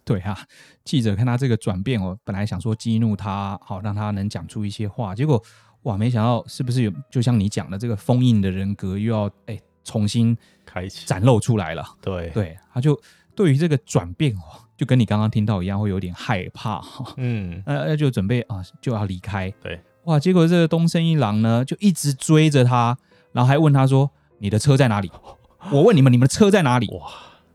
對啊，記者看他這個轉變，哦，我本來想說激怒他，好讓他能講出一些話。結果哇，沒想到是不是有，就像你講的這個封印的人格又要哎重新開啟，展露出來了。對對，他就對於這個轉變哦，就跟你剛剛聽到一樣，會有點害怕哈，哦。嗯，那、呃、就準備啊，呃、就要離開。對哇，結果這個東森一郎呢就一直追着他，然後還問他說：“你的車在哪裡？”哦，我問你們，你們的車在哪裡？哇！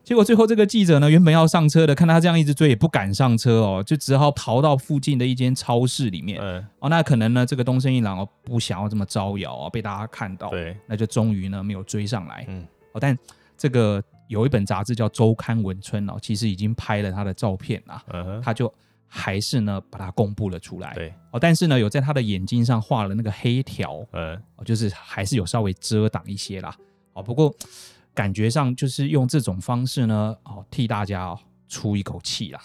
結果最後，這個記者呢，原本要上車的，看他這樣一直追，也不敢上車哦，就只好逃到附近的一間超市裡面。嗯、哦，那可能呢，這個東森一郎哦，不想要這麼招搖啊、哦，被大家看到，對那就終於呢沒有追上來。嗯，哦，但這個有一本雜誌叫《週刊文春》哦，其實已經拍了他的照片了，嗯、哼他就還是呢把它公布了出來。對，哦，但是呢，有在他的眼睛上畫了那個黑條，嗯，哦，就是還是有稍微遮擋一些啦。哦，不過。感覺上就是用這種方式呢，哦、喔，替大家、喔、出一口氣啦。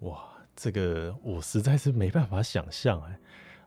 哇，這個我實在是沒辦法想象、欸。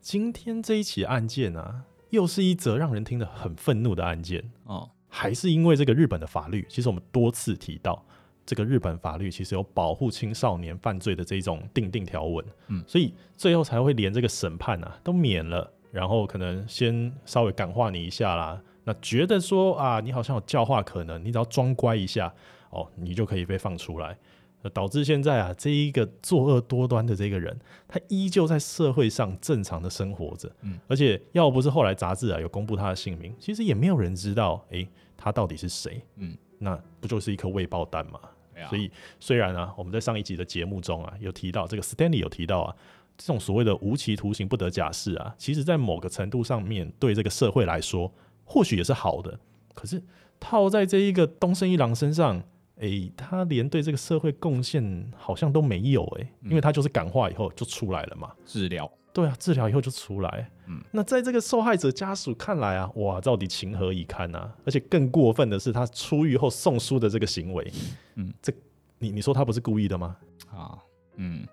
今天這一起案件啊，又是一則讓人聽得很憤怒的案件啊，哦、還是因為這個日本的法律，其實我們多次提到，這個日本法律其實有保護青少年犯罪的這一種定定條文。嗯，所以最後才會連這個審判啊都免了，然後可能先稍微感化你一下啦。那覺得說啊，你好像有教化可能，你只要裝乖一下哦，你就可以被放出來。那導致現在啊，這一個作惡多端的這個人，他依舊在社會上正常的生活着。嗯，而且要不是後來雜誌啊有公布他的姓名，其實也沒有人知道誒、欸，他到底是誰。嗯，那不就是一顆未爆彈嘛？嗯、所以雖然啊，我們在上一集的節目中啊，有提到這個 Stanley 有提到啊，這種所謂的無期徒刑不得假釋啊，其實在某個程度上面、嗯、對這個社會來說。或許也是好的，可是套在這一個東昇一郎身上，誒、欸，他連對這個社會貢獻好像都沒有誒、欸，嗯、因為他就是感化以後就出來了嘛，治療。對啊，治療以後就出來，嗯，那在這個受害者家屬看來啊，哇，到底情何以堪啊？而且更過分的是他出獄後送書的這個行為，嗯，這你你說他不是故意的嗎？啊，嗯，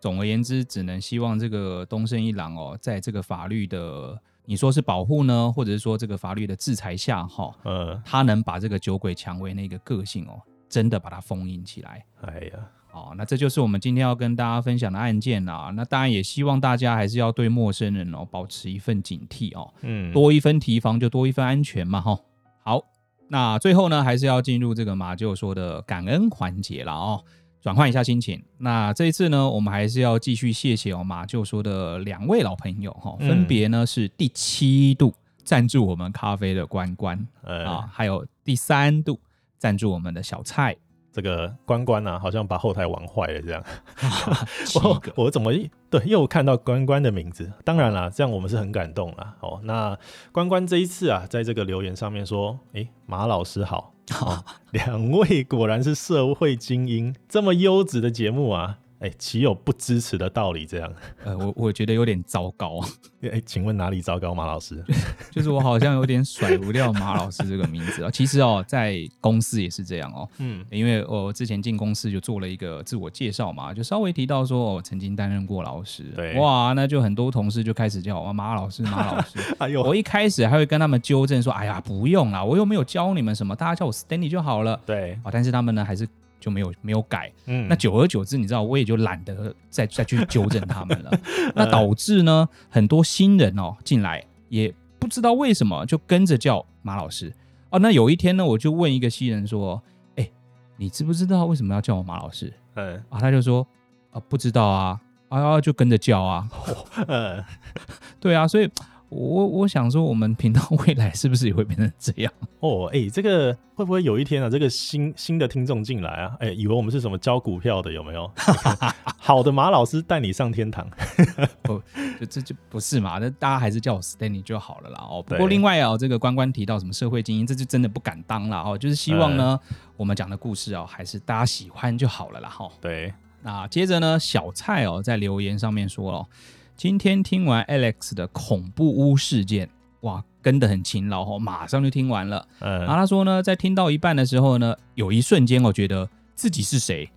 總而言之，只能希望這個東昇一郎哦，在這個法律的。你說是保護呢，或者是說這個法律的制裁下，哈、哦，呃、嗯，他能把這個酒鬼薔薇那個個性哦，真的把它封印起來。哎呀，哦，那這就是我們今天要跟大家分享的案件啦、啊。那當然也希望大家還是要對陌生人哦保持一份警惕哦，嗯，多一分提防就多一份安全嘛，哈、哦。好，那最後呢，還是要進入這個馬就說的感恩環節了哦。轉換一下心情，那這一次呢，我們還是要繼續謝謝哦馬廄說的兩位老朋友哈、哦，分別呢是第七度贊助我們咖啡的關關，呃、嗯啊，還有第三度贊助我們的小蔡。這個關關吶、啊，好像把後台玩壞了這樣，啊、我我怎麼對又看到關關的名字？當然啦，這樣我們是很感動啦。哦。那關關這一次啊，在這個留言上面說，誒、欸，馬老師好。好，兩位果然是社會精英，這麼優質的節目啊！哎、欸，豈有不支持的道理？這樣，呃，我我覺得有點糟糕啊。哎、欸，請問哪裡糟糕，馬老師？ [laughs] 就是我好像有點甩不掉馬老師這個名字啊。 [laughs] 其實哦、喔，在公司也是這樣哦、喔。嗯，因為我之前進公司就做了一個自我介紹嘛，就稍微提到說，我曾經擔任過老師。對，哇，那就很多同事就開始叫我馬老師，馬老師。 [laughs] 哎呦，我一開始還會跟他們糾正說，哎呀，不用啊，我又沒有教你們什麼，大家叫我 Stanley 就好了。對，啊、喔，但是他們呢，還是。就沒有沒有改，嗯、那久而久之，你知道我也就懶得再再去糾正他們了。 [laughs] 那導致呢，嗯、很多新人哦進來也不知道為什麼就跟着叫馬老師哦。那有一天呢，我就問一個新人說：“哎、欸，你知不知道為什麼要叫我馬老師？”嗯啊，他就說、呃：“不知道啊，啊就跟着叫啊。哦”嗯、 [laughs] 對啊，所以。我我想說，我們頻道未來是不是也會變成這樣哦？哎、欸，這個會不會有一天啊，這個新新的聽眾進來啊，哎、欸，以為我們是什麼教股票的有沒有？ [laughs] [laughs] 好的，馬老師帶你上天堂。 [laughs] 不，這就，就不是嘛？那大家還是叫我 Stanley 就好了啦哦。對不過另外啊，這個關關提到什麼社會精英，這就真的不敢當了哦。就是希望呢，嗯、我們講的故事哦、啊，還是大家喜歡就好了啦哈。對。那接着呢，小蔡哦、喔，在留言上面說哦、喔。今天聽完 Alex 的恐怖屋事件，哇，跟得很勤勞哦，馬上就聽完了。嗯、然後他說呢，在聽到一半的時候呢，有一瞬間我覺得自己是誰，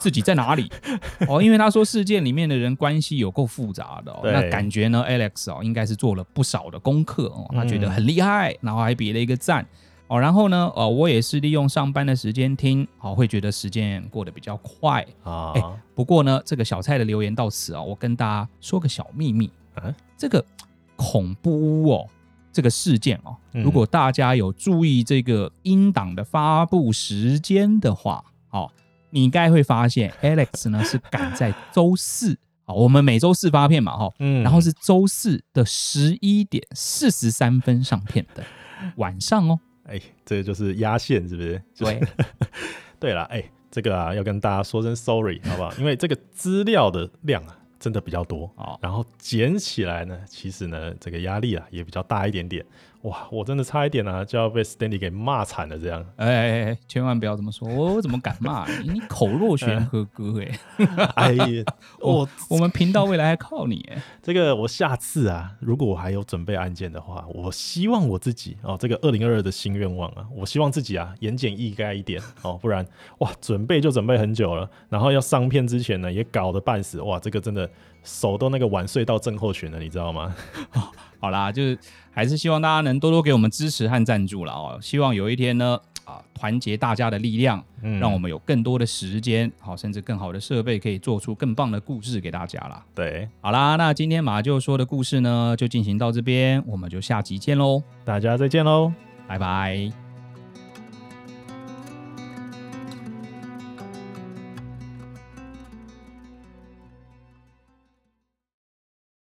自己在哪裡？ [laughs] 哦，因為他說事件裡面的人關係有夠複雜的、哦，對那感覺呢，Alex 哦應該是做了不少的功課哦，他覺得很厲害，嗯、然後還比了一個讚。然後呢、哦，我也是利用上班的時間聽，好、哦，會覺得時間過得比較快啊誒。不過呢，這個小蔡的留言到此啊、哦，我跟大家說個小秘密啊，這個恐怖屋哦，這個事件哦，如果大家有注意這個音檔的發布時間的話，嗯、哦，你應該會發現 Alex 呢是趕在週四、 [laughs] 哦，我們每週四發片嘛、哦，哈、嗯，然後是週四的十一點四十三分上片的晚上哦。哎、欸，這個就是壓線，是不是？對，就是、呵呵對了，哎、欸，這個啊，要跟大家說聲 sorry，好不好？ [laughs] 因為這個資料的量啊，真的比較多啊，哦、然後撿起來呢，其實呢，這個壓力啊，也比較大一點點。哇，我真的差一點啊，就要被 Stanley 給罵慘了這樣。哎，哎，哎，千萬不要這麼說，我怎麼敢罵你？ [laughs] 你口若懸河哥哎！哎，我我，我，我們頻道未來還靠你哎。這個我下次啊，如果我還有準備案件的話，我希望我自己哦，這個二零二二的新願望啊，我希望自己啊言簡意賅一點哦，不然哇，準備就準備很久了，然後要上片之前呢也搞得半死哇，這個真的手都那個晚睡到症候群了，你知道嗎？ [laughs] 好啦，就是還是希望大家能多多給我們支持和贊助了哦。希望有一天呢，啊，團結大家的力量，嗯，讓我們有更多的時間，好、啊，甚至更好的設備，可以做出更棒的故事給大家啦。對，好啦，那今天馬廄說的故事呢，就進行到這邊，我們就下集見嘍，大家再見嘍，拜拜。